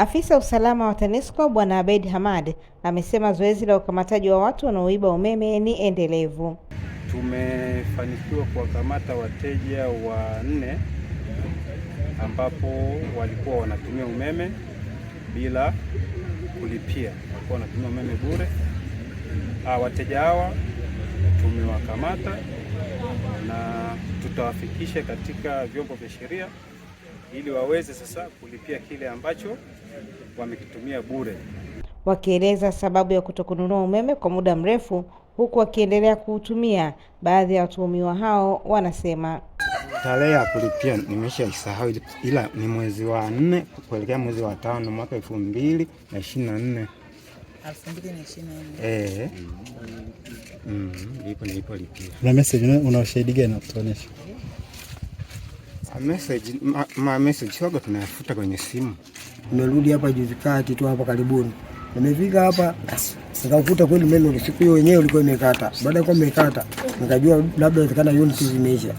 Afisa usalama wa TANESCO Bwana abed Hamad amesema zoezi la ukamataji wa watu wanaoiba umeme ni endelevu. Tumefanikiwa kuwakamata wateja wanne ambapo walikuwa wanatumia umeme bila kulipia, walikuwa wanatumia umeme bure. Ah, wateja hawa tumewakamata na tutawafikisha katika vyombo vya sheria ili waweze sasa kulipia kile ambacho wamekitumia bure. Wakieleza sababu ya kutokununua umeme kwa muda mrefu huku wakiendelea kuutumia, baadhi ya watuhumiwa hao wanasema tarehe ya kulipia nimeshaisahau, ila ni mwezi wa nne kuelekea mwezi wa tano mwaka elfu mbili na ishirini na nne na eh, eh. mm-hmm. meseji una ushahidi gani? Nakutuonesha Message, ma, ma message waga tunayafuta kwenye simu. Nimerudi hapa juzi kati tu hapa karibuni. Nimefika hapa nikakuta kweli meno siku hiyo wenyewe ulikuwa imekata. Baada ya kuwa imekata, nikajua labda inawezekana unit zimeisha.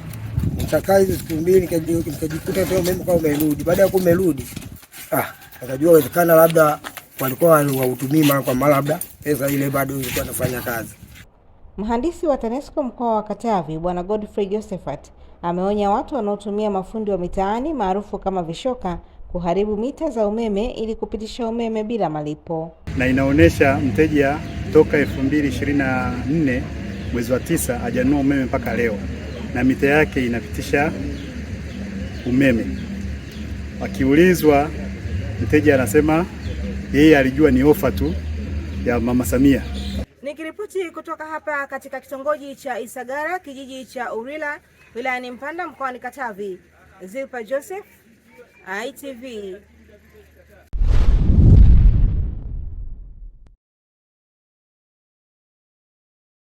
Nikakaa hizo siku mbili nikajikuta tena meno kama umerudi. Baada ya kuwa umerudi, ah, nikajua inawezekana labda walikuwa wautumii mara kwa mara, labda pesa ile bado ilikuwa inafanya kazi. Mhandisi wa TANESCO mkoa wa Katavi Bwana Godfrey Josephat ameonya watu wanaotumia mafundi wa mitaani maarufu kama vishoka kuharibu mita za umeme ili kupitisha umeme bila malipo, na inaonyesha mteja toka 2024 mwezi wa tisa hajanunua umeme mpaka leo, na mita yake inapitisha umeme. Akiulizwa, mteja anasema yeye alijua ni ofa tu ya Mama Samia. Nikiripoti kutoka hapa katika kitongoji cha Isagara kijiji cha Urila wilayani Mpanda mkoani Katavi. Zilpa Joseph, ITV.